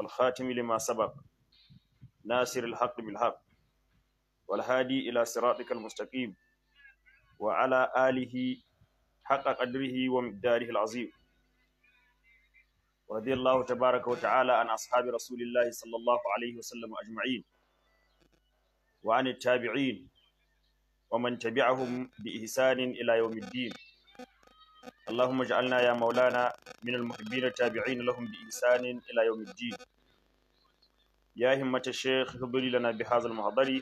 والخاتم لما سبق ناصر الحق بالحق والهادي إلى صراطك المستقيم وعلى آله حق قدره ومقداره العظيم رضي الله تبارك وتعالى عن أصحاب رسول الله صلى الله عليه وسلم أجمعين وعن التابعين ومن تبعهم بإحسان إلى يوم الدين اللهم اجعلنا يا مولانا من المحبين التابعين لهم بإحسان إلى يوم الدين يا همة الشيخ اهضري لنا بهذا المحضر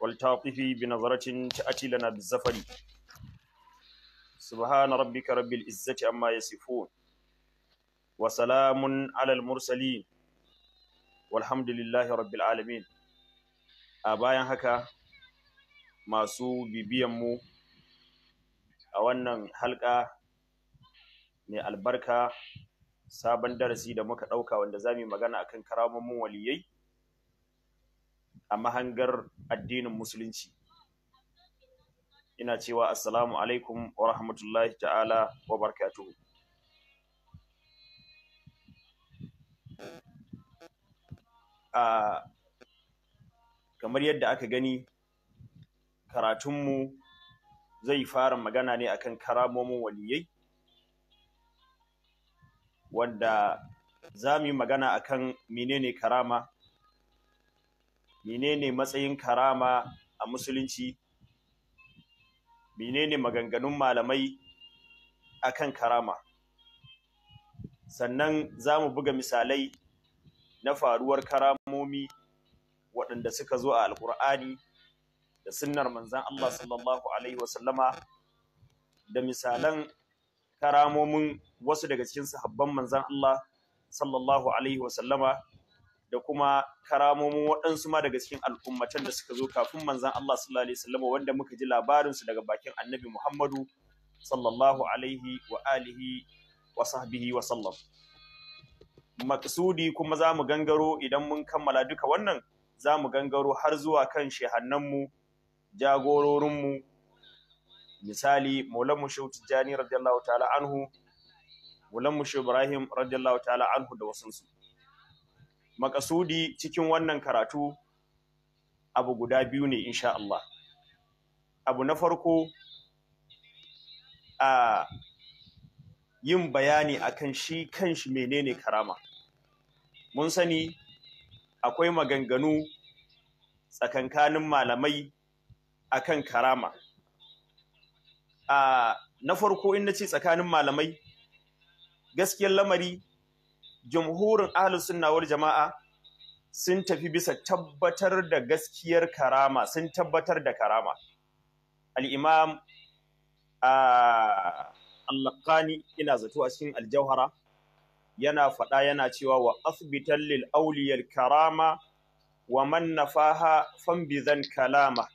والتعطفي بنظرة تأتي لنا بالزفر سبحان ربك رب العزة عما يصفون وسلام على المرسلين والحمد لله رب العالمين أبايا هكا masu bibiyanmu a wannan halka mai albarka sabon darasi da muka ɗauka wanda za mu yi magana kan karamomin waliyai a mahangar addinin musulunci ina cewa assalamu alaikum wa rahmatullahi ta'ala wa barkatuhu a kamar yadda aka gani karatunmu zai fara magana ne akan karamomin waliyai wanda za mu yi magana a akan menene karama menene matsayin karama a musulunci menene maganganun malamai a kan karama sannan za mu buga misalai na faruwar karamomi waɗanda suka zo a Alƙur'ani da sunnar manzan Allah sallallahu alaihi wasallama da misalan karamomin wasu daga cikin sahabban manzan Allah sallallahu alaihi wasallama da kuma karamomin waɗansu ma daga cikin al'ummatan da suka zo kafin manzan Allah sallallahu alaihi wasallama wanda muka ji labarinsu daga bakin annabi Muhammadu sallallahu alaihi wa alihi wa sahbihi wa sallam maksudi kuma za mu gangaro idan mun kammala duka wannan za mu gangaro har zuwa kan shehannanmu jagororinmu misali maulan mushe tijjani radiyallahu ta'ala anhu maulan mushe ibrahim radiyallahu ta'ala anhu da wasansu makasudi cikin wannan karatu abu guda biyu ne insha Allah abu na farko a yin bayani akan shi kanshi menene karama mun sani akwai maganganu tsakankanin malamai akan karama a na farko in na ce tsakanin malamai gaskiyar lamari jumhurin ahlus sunna wal jama'a sun tafi bisa tabbatar da gaskiyar karama sun tabbatar da karama al-imam al-laqani ina zato a cikin al yana faɗa yana cewa wa asbitan lil karama wa man nafaha fan bizan kalama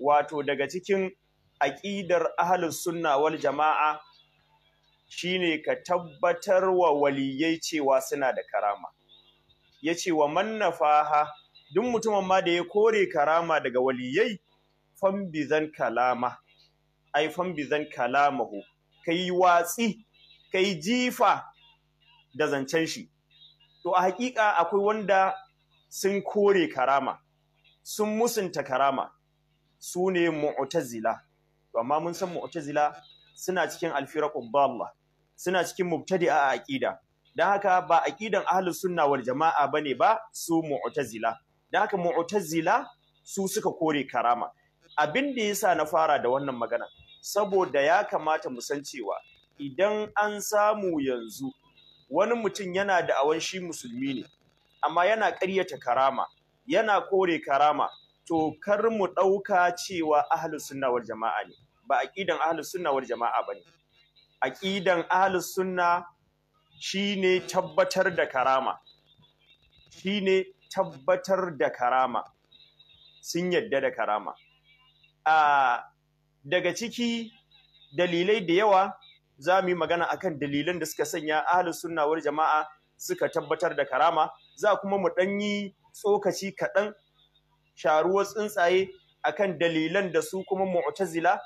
wato daga cikin aƙidar ahalin sunna wal jama'a shine ka tabbatar wa waliyai cewa suna da karama Ya ce wa mannafaha duk mutumin ma da ya kore karama daga waliyai fambizan kalama ai fambizan kalamahu yi watsi ka yi jifa da zancen shi to a haƙiƙa akwai wanda sun kore karama sun musunta karama su ne mu'tazila to amma mun san mu'tazila suna cikin alfiraqud allah suna cikin mubtadi'a a aqida dan haka ba aqidan ahlus sunna wal jama'a bane ba su mu'tazila dan haka mu'tazila su suka kore karama abin da yasa na fara da wannan magana saboda ya kamata mu san cewa idan an samu yanzu wani mutum yana da awan shi musulmi ne amma yana ƙaryata karama yana kore karama to kar mu ɗauka cewa ahlus sunna wal jama'a ne ba ƙidan ahlus sunna wal jama'a bane aqidan ahlus sunna shine tabbatar da karama shine tabbatar da karama sun yadda da karama a daga ciki dalilai da yawa za mu yi magana akan dalilan da suka sanya ahlus sunna wal jama'a suka tabbatar da karama za kuma mu yi tsokaci kaɗan sharuwar tsuntsaye akan dalilan da su kuma mu'tazila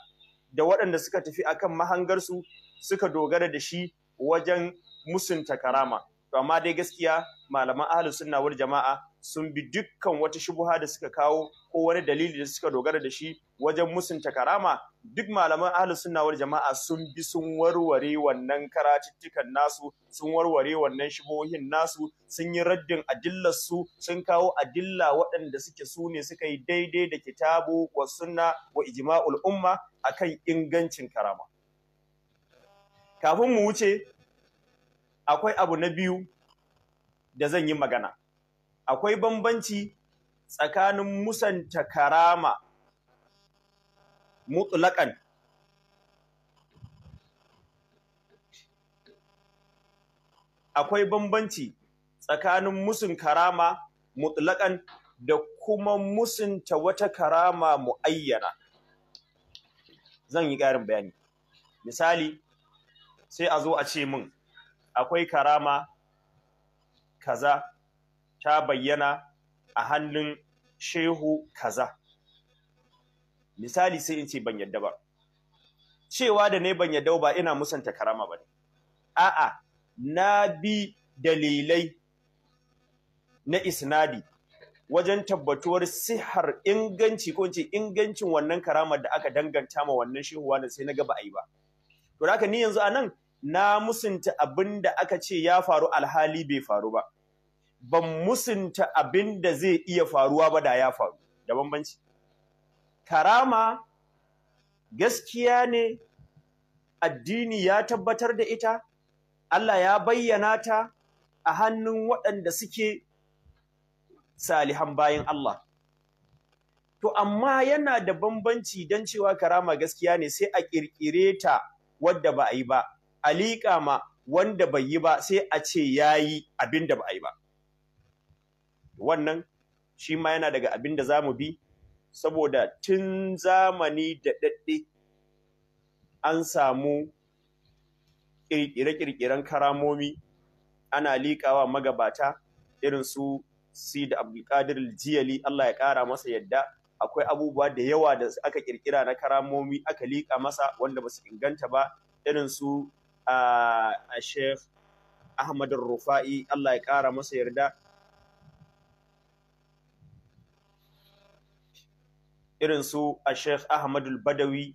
da waɗanda suka tafi akan mahangarsu suka dogara da shi wajen musunta karama to amma dai gaskiya malaman ahlus sunna wal jama'a sun bi dukkan wata shubuha da suka kawo ko wani dalili da suka dogara da shi wajen musunta karama duk malaman ahlus sunna wal jama'a sun bi sun warware wannan karatuttukan nasu sun warware wannan shubuhohin nasu sun yi raddin adillarsu su sun kawo adilla waɗanda suke sune ne suka yi daidai da kitabu wa sunna wa ijma'ul umma akan ingancin karama kafin mu wuce akwai abu na biyu da zan yi magana akwai bambanci tsakanin musanta karama mutlaƙan akwai bambanci tsakanin musun karama da kuma musunta wata karama muayyana zan yi ƙarin bayani misali sai a zo a ce min akwai karama kaza ta bayyana a hannun shehu kaza misali sai in ce ban yadda ba cewa da ne ban yadda ba ina musanta karama ba a'a na bi dalilai na isnadi wajen tabbatuwar sihar inganci ko ce ingancin wannan karamar da aka danganta ma wannan shehuwa da sai na gaba ayi ba to haka ni yanzu anan na musunta abin da aka ce ya faru alhali bai faru ba ban musunta abin da zai iya faruwa ba da ya faru da bambanci karama gaskiya ne addini ya tabbatar da ita Allah ya bayyana ta a hannun waɗanda suke salihan bayan Allah to amma yana da bambanci don cewa karama gaskiya ne sai a ƙirƙire ta wadda ba a yi ba a liƙa ma wanda bai yi ba sai a ce ya yi abin da ba a yi ba wannan shi ma yana daga abin da za mu bi saboda tun zamani da daɗe an samu ƙirƙire-ƙirƙiren karamomi ana liƙawa magabata irin su si da abdulkadir jiyali Allah ya ƙara masa yadda akwai abubuwa da yawa da aka ƙirƙira na karamomi aka liƙa masa wanda ba su inganta ba irin su a ah, Sheikh Ahmadu Rufa'i Allah ya ƙara masa yarda irin su a Sheikh Ahmadul Badawi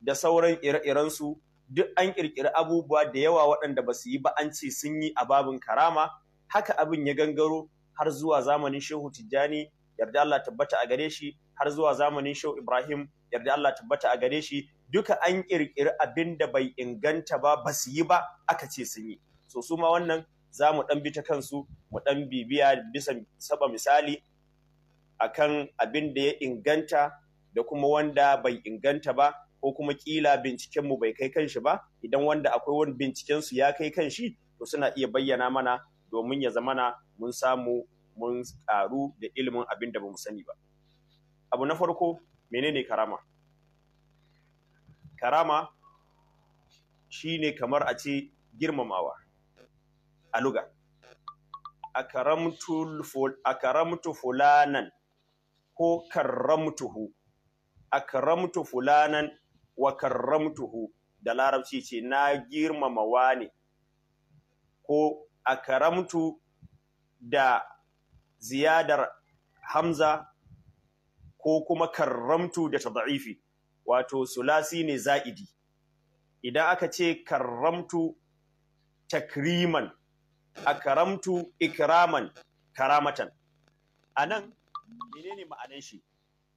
da sauran ire-irensu duk an ƙirƙiri abubuwa da yawa waɗanda ba su yi ba an ce sun yi a babin karama haka abin ya gangaro har zuwa zamanin Shehu Tijjani yarda Allah tabbata a gare shi har zuwa zamanin Shehu Ibrahim yarda Allah tabbata a gare shi duka an ƙirƙiri abin da bai inganta ba ba su yi ba aka ce sun yi so su ma wannan za mu ɗan bi ta kansu mu ɗan bibiya bisa saba misali akan abin da ya inganta da kuma wanda bai inganta ba ko kuma kila bincikenmu bai kai kanshi ba idan wanda akwai wani bincikensu ya kai kanshi to suna iya bayyana mana domin ya zamana mun samu mun karu da ilimin abin da bamu sani ba abu na farko menene karama karama shine kamar a ce girmamawa a luga akaramtu fulanan ko karamtuhu? akramtu fulanan wa karramtuhu da larabci ce na girmama wani ko akramtu da ziyadar hamza ko kuma karramtu da tad'ifi wato sulasi ne za'idi idan aka ce karramtu takriman akramtu ikraman karamatan anan menene ma'anan shi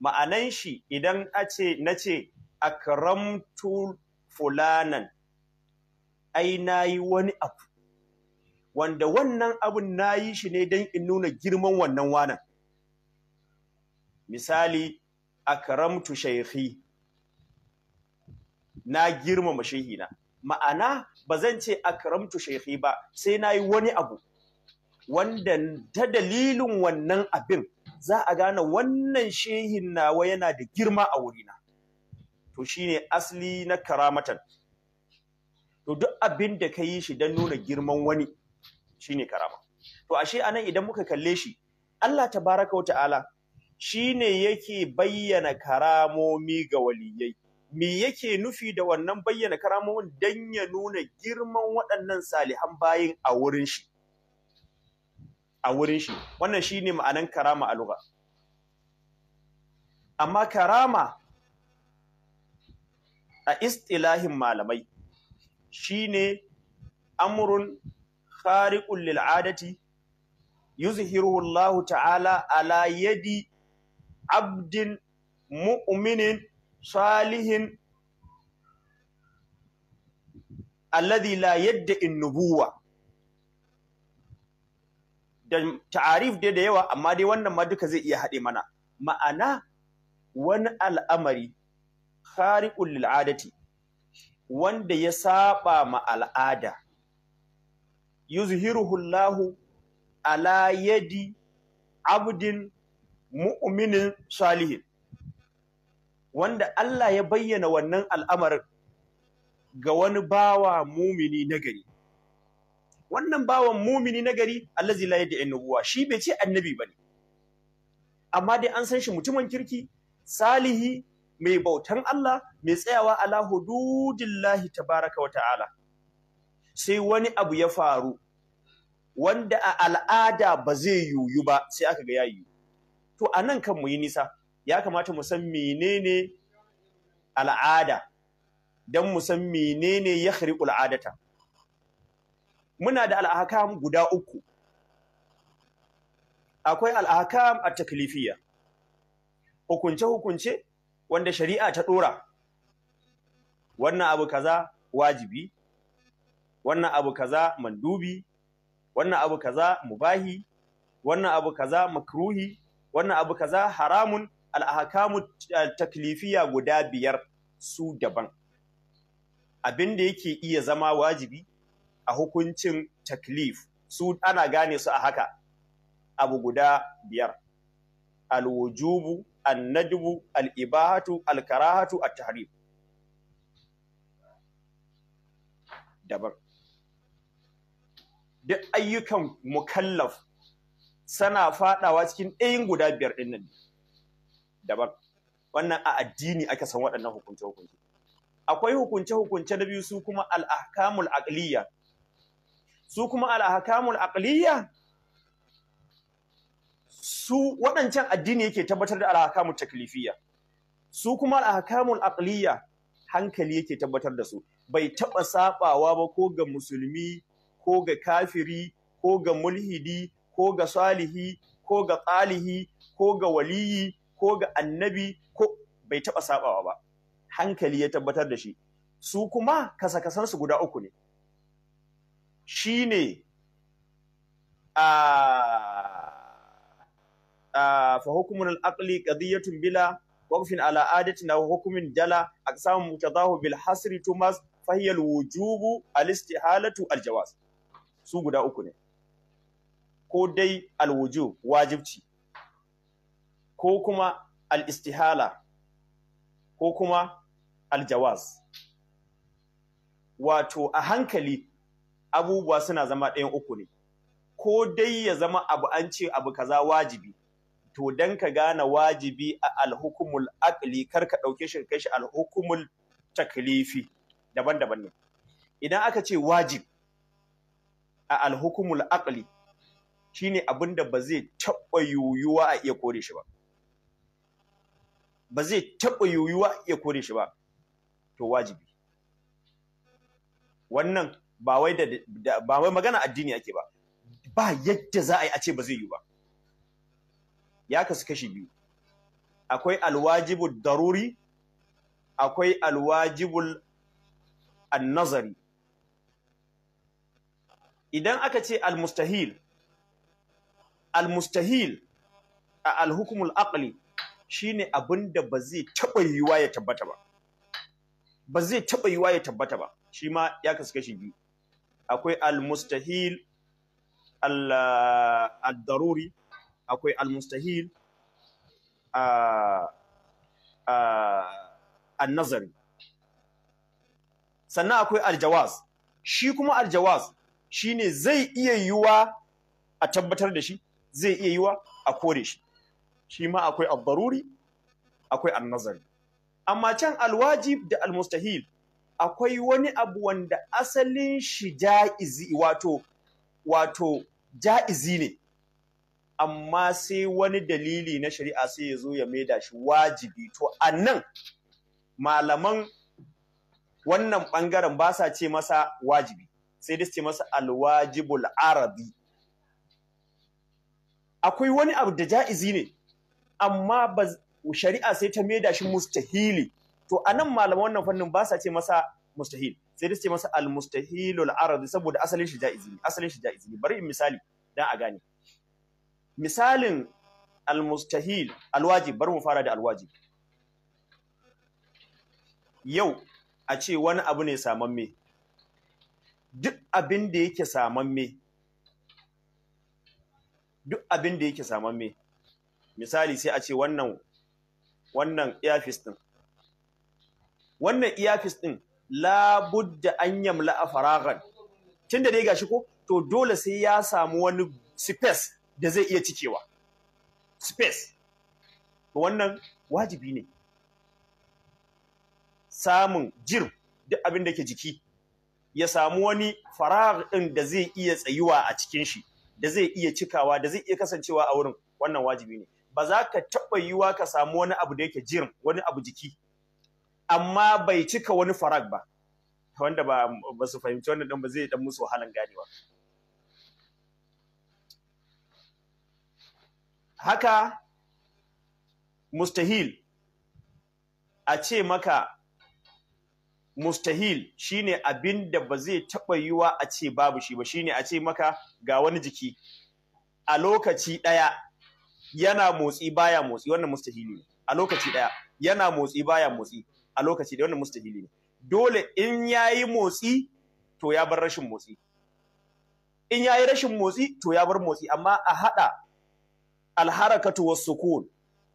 ma'anan shi idan ace nace akramtu fulanan ai na yi wani abu wanda wannan abun yi shi ne don in nuna girman wannan wanan misali akramtu shaikhi na girmama mashihina ma'ana ba zan ce akramtu shaikhi ba sai na yi wani abu wanda ta dalilin wannan abin za a gane wannan shehin nawa yana da girma a wurina to shine asli na karamatan to duk abin da ka yi shi don nuna girman wani shine karama to ashe anan idan muka kalle shi Allah tabaraka wa ta'ala shine yake bayyana karamomi ga waliyyai. me yake nufi da wannan bayyana karamomin dan ya nuna girman waɗannan salihan bayin a wurin shi a wurin shi wannan shine ma'anan karama a lugha amma karama a istilahin malamai shine amrun khariqun lil adati yuzhiruhu Allah ta'ala ala yadi abdin mu'minin salihin alladhi la yadda nubuwa da ta'arif dai da yawa amma dai wannan ma duka zai iya haɗe mana ma'ana wani al'amari khariqul lil adati wanda ya saba ma al'ada yuzhiruhu Hullahu ala yadi abdin mu'minin salihin wanda Allah ya bayyana wannan al'amarin ga wani bawa mumini nagari wannan bawan mumini na gari allazi la yad'i annabuwa shi bai ce annabi bane amma dai an san shi mutumin kirki salihi mai bautan Allah mai tsayawa ala hududillahi tabaraka wa ta'ala sai wani abu ya faru wanda a al'ada ba zai yiwu ba sai aka ga yayi to anan kan mu yi nisa ya kamata mu san menene al'ada dan mu san menene yakhriqul adata muna da al'ahkam guda uku akwai al'ahkam a taklifiyya hukunce hukunce wanda shari'a ta ɗora. wannan abu kaza wajibi wannan abu kaza mandubi wannan abu kaza mubahi wannan abu kaza makruhi wannan abu kaza haramun al'ahkamu taklifiya guda biyar su daban abin da yake iya zama wajibi a hukuncin taklif su ana gane su a haka abu guda biyar alwujubu annajubu al'ibahatu alkarahatu a tahrim dabar. duk ayyukan mukallaf sana fadawa cikin ɗayin guda biyar ɗin nan dabar wannan a addini aka san waɗannan hukunce-hukunce akwai hukunce-hukunce na biyu su kuma al-ahkamul aqliya su kuma al su waɗancan addini yake tabbatar da al taklifiya su kuma al-ahkamul hankali yake tabbatar da su bai taɓa saɓawa ba ko ga musulmi ko ga kafiri ko ga mulhidi ko ga salihi ko ga ƙalihi ko ga waliyi ko ga annabi ko bai taɓa saɓawa ba hankali ya tabbatar da shi su kuma kasa kasakasansu guda uku ne Shi ne a fa hukumun al-aqli bila waqfin ala adatin aw hukumin jala samun mutadahu bil hasri tumas fahiyar wujubu al-istihalatu al su guda uku ne ko dai alwujo wajibci ko kuma al'istihala ko kuma aljawas, wato a hankali abubuwa suna zama ɗayan uku ne ko dai ya zama abu an ce abu kaza wajibi to dan ka gane wajibi a alhukumul aqli kar ka ɗauke shi kai shi alhukumul taklifi daban-daban ne idan aka ce wajib a alhukumul shi ne abin da ba zai taɓa yuyuwa a iya kore shi ba ba zai taɓa yuyuwa a iya kore shi ba to wajibi wannan ba wai da ba wai magana addini ake ba ba yadda za a yi a ce ba zai yi ba ya kasu kashi biyu akwai alwajibu daruri akwai alwajibu annazari idan aka ce almustahil almustahil a alhukumul aqli shine da ba zai taba yiwa ya tabbata ba ba zai taba yiwa ya tabbata ba shi ma ya kasu kashi biyu akwai al-mustahil al-daruri uh, akwai al-mustahil uh, uh, al-nazari sannan akwai aljawaz shi kuma aljawaz ne zai iya yiwa a tabbatar da shi zai iya yiwa a kore shi shi ma akwai al-daruri akwai al-nazari amma can alwajib da al mustahil. akwai wani abu wanda asalin shi ja'izi wato wato ja'izi ne amma sai wani dalili na shari'a sai ya zo ya maida shi wajibi to anan malaman wannan bangaren ba sa ce masa wajibi sai dai su ce masa alwajibul arabi akwai wani abu da ja'izi ne amma shari'a sai ta maida shi mustahili to a nan malaman wannan fannin ba sa ce masa mustahil sai dai su ce masa al mustahilul saboda asalin shi jaizi ne asalin shi jaizi ne bari in misali dan a gane misalin al mustahil al wajib bari mu fara da al wajib yau a ce wani abu ne samamme duk abin da yake samamme duk abin da yake samamme misali sai a ce wannan wannan earpiece din wannan iyafis din labudda an yamla a faragan tunda dai gashi ko to dole sai ya samu wani space da zai iya cikewa space wannan wajibi ne samun jir duk abin da ke jiki ya samu wani farag ɗin da zai iya tsayuwa a cikin shi da zai iya cikawa da zai iya kasancewa a wurin wannan wajibi ne ba za ka taɓa yiwa ka samu wani abu da yake jirin wani abu jiki amma bai cika wani farag ba wanda ba su fahimci wannan dan ba zai dan musu wahalan ganewa haka mustahil a ce maka mustahil shine abin da ba zai taɓa yiwa a ce babu shi ba shine a ce maka ga wani jiki a lokaci ɗaya yana motsi baya motsi wannan mustahili ne a lokaci ɗaya yana motsi baya motsi a lokaci da wannan mustahili ne dole in yayi motsi to ya bar rashin motsi in yayi rashin motsi to ya bar motsi amma a hada alharakatu was-sukun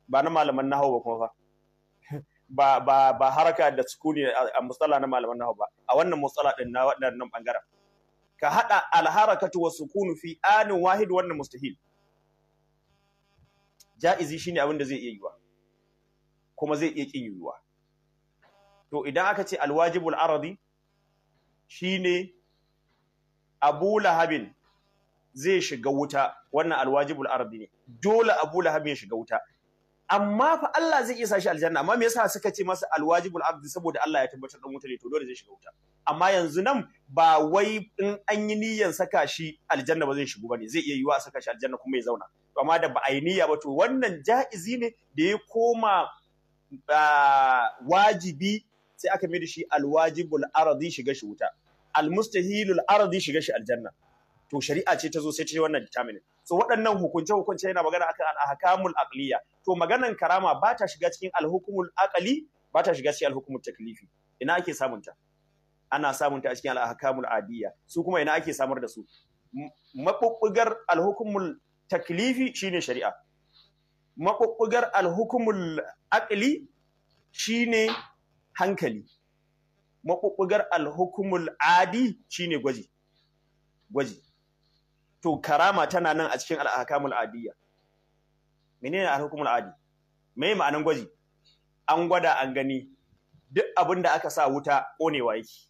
ba na malaman nahawu ba kuma fa ba ba ba haraka da sukuni a musalla na malaman nahawu ba a wannan musalla din na nan bangaren ka hada alharakatu was-sukun fi anin wahid wannan mustahil ja'izi shine abin da zai iya yiwa kuma zai iya kin yiwa to idan aka ce alwajibul aradi shine abu lahabin zai shiga wuta wannan alwajibul aradi ne dole abu lahabin ya shiga wuta amma fa Allah zai iya sa shi aljanna amma me yasa suka ce masa alwajibul aradi saboda Allah ya tabbatar da wuta ne to dole zai shiga wuta amma yanzu nan ba wai in an yi niyyan saka shi aljanna ba zai shigo bane zai iya yiwa a saka shi aljanna kuma ya zauna to amma da ba a niyya ba to wannan ja'izi ne da ya koma ah, wajibi sai aka mai da shi alwajibul aradi shiga shi wuta almustahilul aradi shiga shi aljanna to shari'a ce ta zo sai ta yi wannan determinant so waɗannan hukunce hukunce yana magana akan al aqliya to maganan karama ba ta shiga cikin alhukumul aqli ba ta shiga cikin alhukumul taklifi ina ake samun ta ana samun ta a cikin al adiya. adiyya su kuma ina ake samar da su mabubbugar alhukumul taklifi shine shari'a mabubbugar alhukumul aqli shine hankali maɓuɓɓugar alhukumul adi shine gwaji gwaji to karama tana nan a cikin al'akamul adiyya menene alhukumul adi me ma'anan gwaji an gwada an gani duk abin da aka sa wuta ƙonewa yake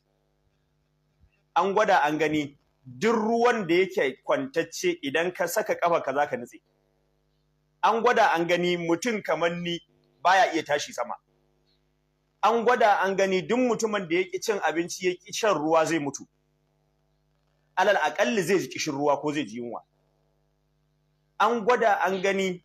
an gwada an gani duk ruwan da yake kwantacce idan ka saka kafa ka ka nutse an gwada an gani mutum kamar ni baya iya tashi sama an gwada an gani duk mutumin da ya ƙi cin abinci ya ƙi shan ruwa zai mutu alal aƙalli zai ji kishin ruwa ko zai ji yunwa an gwada an gani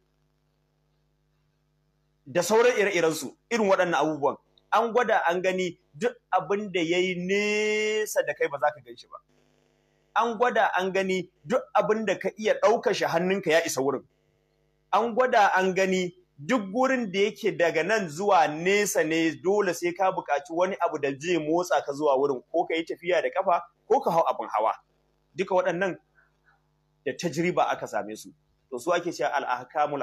da sauran ire iren su, irin waɗannan abubuwan an gwada an gani duk abin da ya yi nesa da kai ba za ka gan shi ba an gwada an gani duk abin da ka iya ɗauka shi hannunka ya isa wurin an gwada an gani duk gurin da yake daga nan zuwa nesa ne dole sai ka buƙaci wani abu da zai motsa ka zuwa wurin ko ka yi tafiya da kafa ko ka hau abin hawa duka waɗannan da tajriba aka same su to su ake cewa al-ahkamul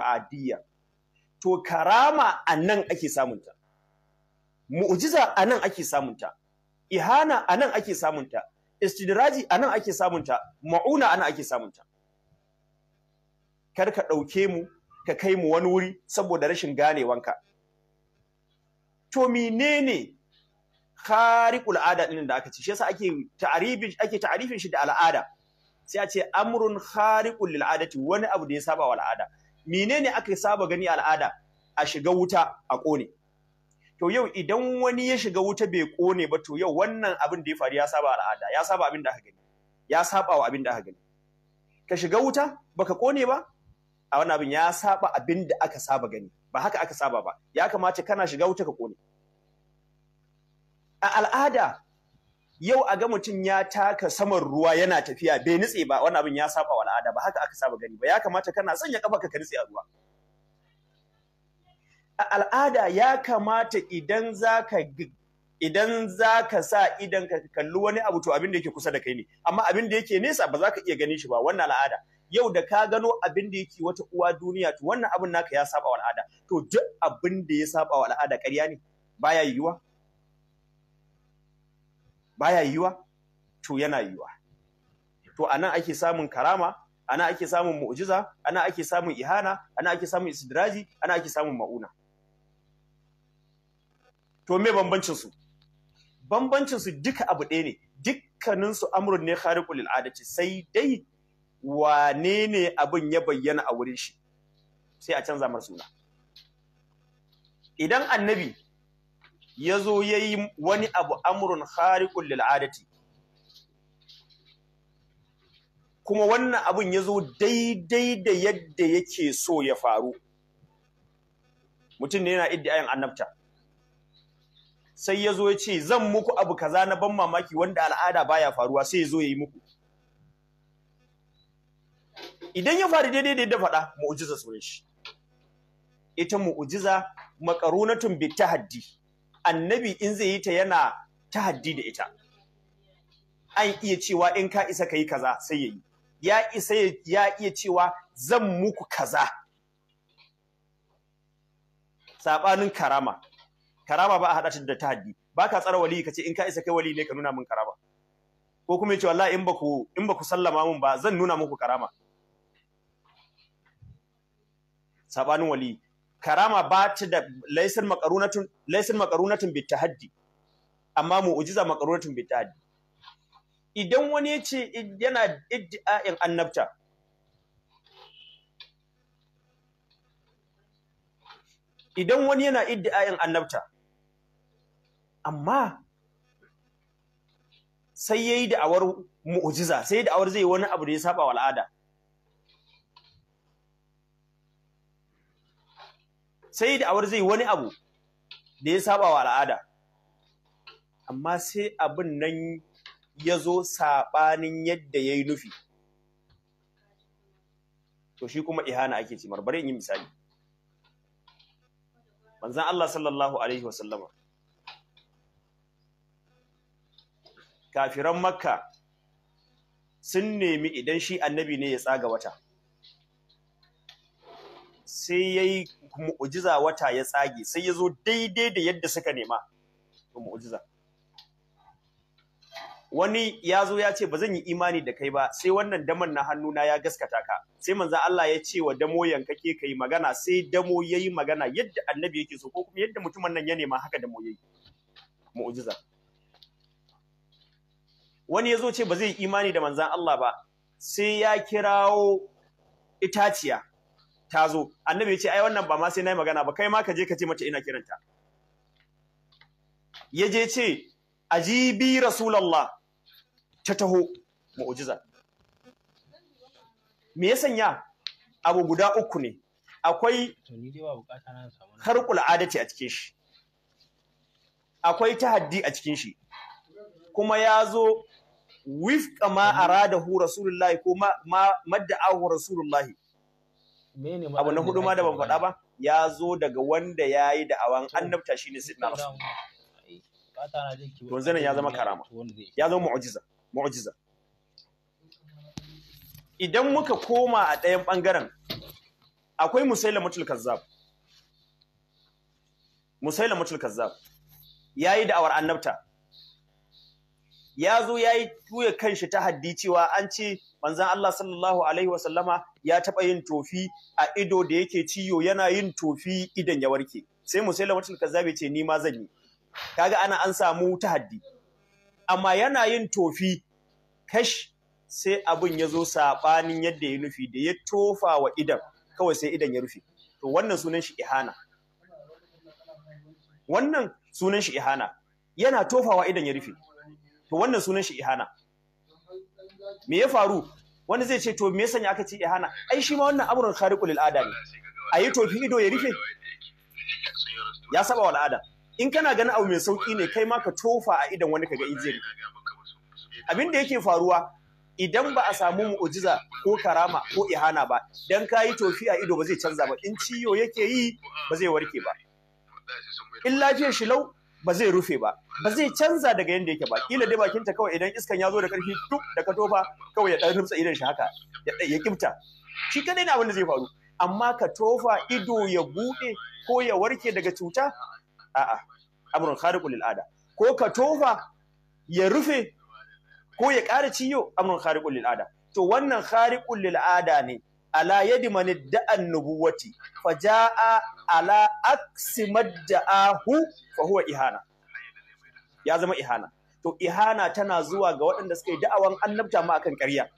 to karama anan ake samunta mu'jiza anan ake samunta ihana anan ake samunta istidraji anan ake samunta ma'una anan ake samunta kar ka ɗauke mu ka kai mu wani wuri saboda rashin ganewanka to menene khariqul ada ɗin da aka ce shi yasa ake ta'arifin shi da al'ada sai a ce amrun khariqul lil wani abu da ya saba wa al'ada menene aka saba gani al'ada a shiga wuta a kone to yau idan wani ya shiga wuta bai kone ba to yau wannan abin da ya faru ya saba al'ada ya saba abin da aka gani ya saba wa abin da aka gani ka shiga wuta baka kone ba a wani abin ya saba abin da aka saba gani ba haka aka saba ba ya kamata kana shiga wuta ka kone a al'ada yau a ga mutum ya taka saman ruwa yana tafiya bai nutse ba wani abin ya saba wa al'ada ba haka aka saba gani ba ya kamata kana sanya kafa ka nutse a ruwa a al'ada ya kamata idan zaka idan za ka sa idan ka kalli wani abu to abin da yake kusa da kai ne amma abin da yake nesa ba za ka iya gani shi ba wannan al'ada yau da ka gano abin da yake wata uwa duniya to wannan abin naka ya saba wa al'ada to duk abin da ya saba wa al'ada ƙarya ne baya yiwuwa baya yiwuwa to yana yiwuwa to anan ake samun karama ana ake samun mu'jiza ana ake samun ihana ana ake samun istidraji ana ake samun mauna to me bambancin su bambancin su duka abu ɗaya ne dukkanin su amrun ne khariqul adati sai dai wane ne abin ya bayyana a wurin shi sai a canza mar suna idan annabi ya zo ya yi wani abu amurin harikun lil'adati kuma wannan abin ya zo daidai da yadda yake so ya faru mutum ne yana iddiyayin annabta sai ya zo ya ce zan muku abu kaza na ban mamaki wanda al'ada baya faruwa sai ya zo ya yi muku idan ya faru daidai da yadda faɗa mu'jiza sunan shi ita mu'jiza makarunatun bi tahaddi annabi in zai yi ta yana tahaddi da ita an iya cewa in ka isa kai kaza sai yi ya isa ya iya cewa zan muku kaza sabanin karama karama ba a hada ta da tahaddi baka tsara wali kace in ka isa kai wali ne ka nuna min karama ko kuma ya ce, wallahi in ba in sallama mun ba zan nuna muku karama sabanin wali karama ba ta da makarunatun maqarunatun laysal maqarunatun bitahaddi amma mu'jiza maqarunatun haddi. idan wani ce yana iddi'a'in annabta idan wani yana iddi'a'in annabta amma sai yayi da'awar mu'jiza sai da'awar zai wani abu da ya saba wa al'ada sai da awar zai wani abu da ya saba wa al'ada amma sai abin nan ya zo saɓanin yadda ya yi nufi to shi kuma ihana ake ce bari in yi misali manzan Allah sallallahu alaihi wasallama kafiran makka sun nemi idan shi annabi ne ya tsaga wata sai ya yi mu'ujiza wata ya tsage sai ya zo daidai da yadda suka nema mu'ujiza wani ya zo ya ce ba zan yi imani da kai ba sai wannan daman na hannu na ya gaskata ka sai manzo Allah ya ce wa damo ke kai magana sai damo yayi magana yadda annabi yake so ko kuma yadda mutumin nan ya nema haka damo yayi Mu'ujiza. wani ya zo ce ba zai yi imani da manzan Allah ba sai ya kirawo itaciya ta zo annabi ya ce ai wannan ba ma sai nayi magana ba kai ma ka je ka ce mata ina kiranta ya je ce ajibi rasulullah ta taho mu'jiza me ya sanya abu guda uku ne akwai harkul adati a cikin shi akwai tahaddi a cikin shi kuma ya zo wifka ma aradahu rasulullahi ko ma madda'ahu rasulullahi abu na hudu ma da ban faɗa ba ya zo daga wanda ya yi da'awan annabta ne sidna rasu to zanen ya zama karama ya zama mu'ujiza. Mu'ujiza. idan muka koma a ɗayan ɓangaren akwai musaila mutul kazzab musaila mutul kazzab ya yi da'awar annabta ya zo ya yi tuya kanshi ta haddi cewa an ce manzan Allah sallallahu alaihi wasallama ya taɓa yin tofi a ido da yake ciyo yana yin tofi idan ya warke sai musailamatul zabe ce ni ma zan yi kaga ana an samu tahaddi amma yana yin tofi kash sai abin ya zo saɓanin yadda ya nufi da ya tofa wa idan kawai sai idan ya rufe to wannan sunan shi ihana wannan sunan shi ihana yana tofawa idan ya rufe to wannan sunan shi ihana me ya faru wani zai ce to me sanya aka ce ihana ai shi ma wannan amrun khariqul al'ada ne ayi tofi ido ya rufe ya saba wa al'ada in kana ganin abu mai sauki ne kai ma ka tofa a idan wani kaga ijiri abin da yake faruwa idan ba a samu mu'ujiza ko karama ko ihana ba dan kayi tofi a ido ba zai canza ba in ciyo yake yi ba zai warke ba in lafiyar shi lau ba zai rufe ba ba zai canza daga yanda yake ba kila dai bakin ta kawai idan iskan ya zo da karfi duk da ka tofa kawai ya dan rutsa idan shi haka ya kimta shi kadai ne abin da zai faru amma ka tofa ido ya bude ko ya warke daga cuta a'a amrun khariqul lil ada ko ka tofa ya rufe ko ya ƙara ciyo amrun khariqul lil ada to wannan khariqul lil ada ne ala yadi mani da'an nubuwati faja'a ala aksi madda'ahu fa huwa ihana ya zama ihana to ihana tana zuwa ga waɗanda suka yi da'awan annabta ma akan ƙarya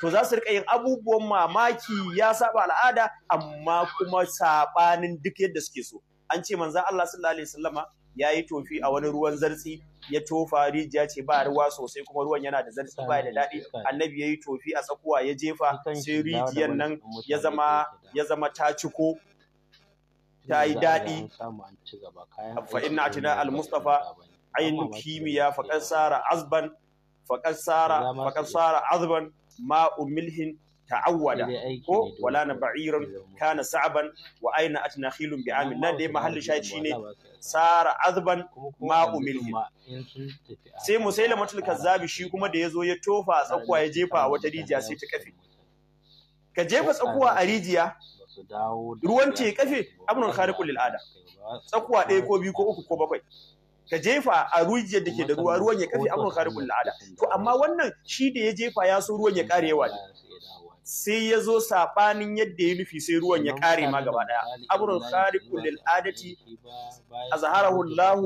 to za su rika yin abubuwan mamaki ya saba al'ada amma kuma saɓanin duk yadda suke so an ce manzan Allah sallallahu alaihi wasallama ya yi tofi a wani ruwan zartsi ya tofa rijiya ce ba ruwa sosai kuma ruwan yana da zartsi ba da daɗi annabi ya yi tofi a tsakuwa ya jefa sai rijiyar nan ya zama ta ciko ta yi daɗi fa inna atina al mustafa ainihin kimiya fa sara azban fa ta'awwada ko wala na ba'iran kana sa'aban wa aina atna khilun bi amin nan dai mahallin shi ne sara azban ma umilhi sai musailamatul kazzabi shi kuma da yazo ya tofa tsakuwa ya jefa a wata rijiya sai ta kafe ka jefa tsakuwa a rijiya ruwan ce kafe amrun khariqul lil ada tsakuwa ɗaya ko biyu ko uku ko bakwai ka jefa a rijiyar da ke da ruwa ruwan ya kafe amrun khariqul lil ada to amma wannan shi da ya jefa ya so ruwan ya karewa ne sai ya zo saɓanin yadda ya nufi sai ruwan ya kare ma gaba ɗaya abrul khariqul lil adati azharahu Allah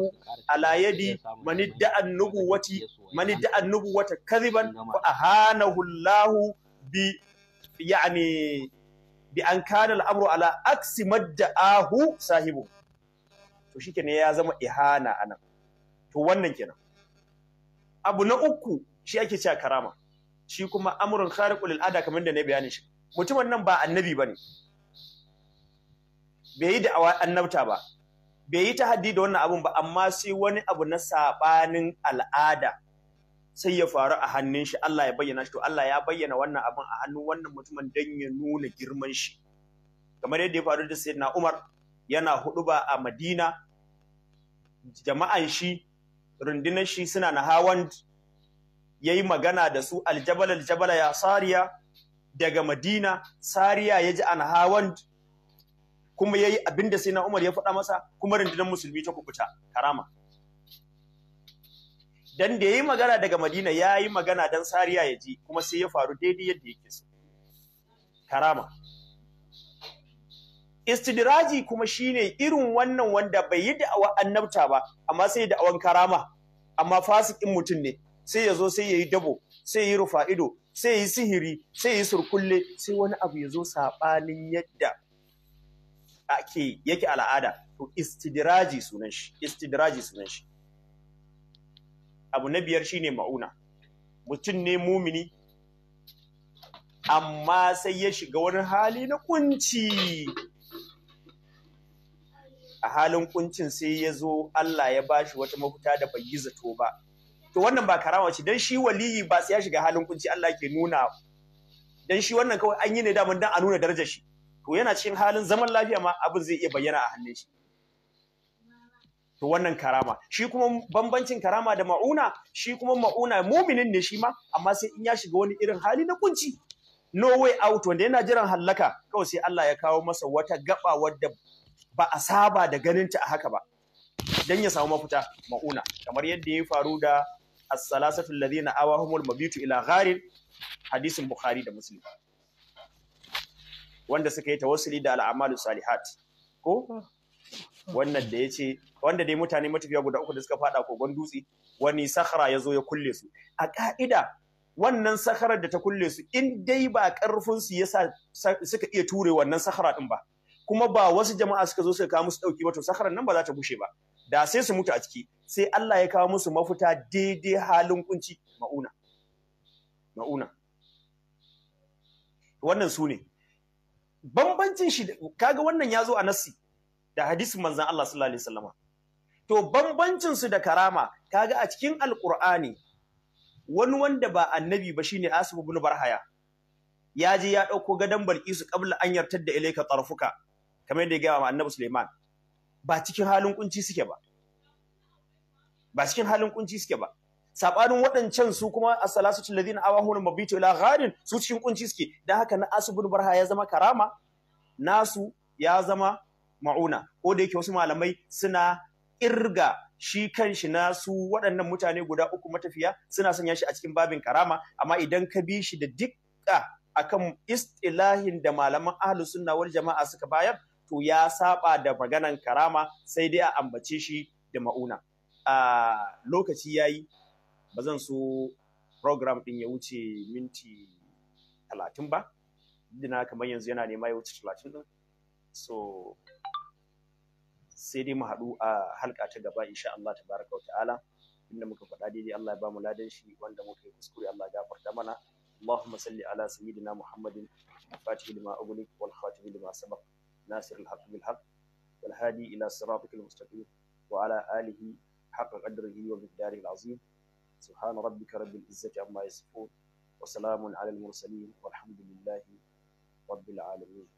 ala yadi man Mani nubuwati man idda'a nubuwata kadhiban fa ahanahu Allah bi yani bi an kana al'amru ala aksi madda'ahu sahibu to shikenan ya zama ihana anan to wannan kenan abu na uku shi ake cewa karama shi kuma amrun khariqul al'ada kamar da na bayanin shi mutumin nan ba annabi bane bai yi da annabta ba bai yi tahaddi da wannan abun ba amma sai wani abu na sabanin al'ada sai ya faru a hannun shi Allah ya bayyana shi to Allah ya bayyana wannan abun a hannun wannan mutumin don ya nuna girman shi kamar yadda ya faru da sayyidina Umar yana huduba a Madina jama'an shi rundunar shi suna na hawan Ya yi magana da su aljabal aljabala ya sariya daga madina sariya ya ji an hawan kuma ya yayi abinda sai na umar ya faɗa masa kuma rundunar musulmi ta kubuta karama dan da ya yi magana daga madina yi magana dan sariya ya ji kuma sai ya faru daidai yadda yake so karama istidiraji kuma shine irin wannan wanda bai yi da'awa annabta ba amma sai da'awan karama amma fasikin mutum ne sai ya zo sai ya yi dabo sai ya yi rufa ido sai ya yi sihiri sai ya yi surkulle sai wani abu ya zo saɓanin yadda ake yake al'ada to istidiraji sunan shi istidiraji sunan shi abu na biyar shine ma'una mutum ne mumini amma sai ya shiga wani hali na kunci a halin kuncin sai ya zo Allah ya bashi wata mafita da bai yi zato ba to wannan ba karama ce dan shi waliyi ba sai ya shiga halin kunci Allah ke nuna dan shi wannan kawai an yi ne daman dan a nuna darajar shi to yana cikin halin zaman lafiya ma abin zai iya bayyana a hannun shi to wannan karama shi kuma bambancin karama da ma'una shi kuma ma'una muminin ne shi ma amma sai in ya shiga wani irin hali na kunci no way out wanda yana jiran hallaka kawai sai Allah ya kawo masa wata gaba wadda ba a saba da ganinta a haka ba dan ya samu mafita ma'una kamar yadda ya faru da as-salasatu alladhina awahumul mabitu ila gharin hadisin bukhari da muslim wanda suka yi tawassuli da al'amalu salihat ko wannan da yace wanda dai mutane matafiya guda uku da suka fada kogon dutse wani sahara ya zo ya kulle su a ka'ida wannan sakharar da ta kulle su in dai ba karfin su yasa suka iya ture wannan sahara din ba kuma ba wasu jama'a suka zo suka kawo musu dauki ba to sakharar nan ba za ta bushe ba da sai su mutu a ciki sai Allah ya kawo musu mafuta daidai halin kunci ma'una ma'una wannan su ne bambancin shi kaga wannan ya zo a nassi da hadisin manzan Allah sallallahu alaihi wasallama to bambancin su da karama kaga a cikin Alƙur'ani, wani wanda ba annabi ba shine Asif bin Barhaya ya je ya dauko gadan Balkisu qabla an yartar da ilaika tarfuka kamar yadda ya ga annabi Suleiman ba cikin halin kunci suke ba ba cikin halin kunci suke ba sabanin waɗancan su kuma as-salasatul ladina awahum mabitu ila gharin su cikin kunci suke dan haka na asubul barha ya zama karama nasu ya zama ma'una ko da yake wasu malamai suna irga shi kan kanshi nasu waɗannan mutane guda uku matafiya suna sanya shi a cikin babin karama amma idan ka bi shi da dikka akan istilahin da malaman ahlus sunna wal jama'a suka bayar to ya saba da maganan karama sai dai a ambace shi da ma'una a lokaci ya yi ba zan so program ɗin ya wuce minti talatin ba dina kamar yanzu yana nema ya wuce talatin din so sai dai mu haɗu a halka ta gaba insha Allah ta baraka wa ta'ala inda muka faɗa daidai Allah ya bamu ladan shi wanda muka yi kuskure Allah ya gafarta mana اللهم صل على سيدنا محمد الفاتح لما أغلق والخاتم لما سبق ناصر الحق بالحق والهادي إلى صراطك المستقيم وعلى آله حق قدره ومقداره العظيم سبحان ربك رب العزة عما يصفون وسلام على المرسلين والحمد لله رب العالمين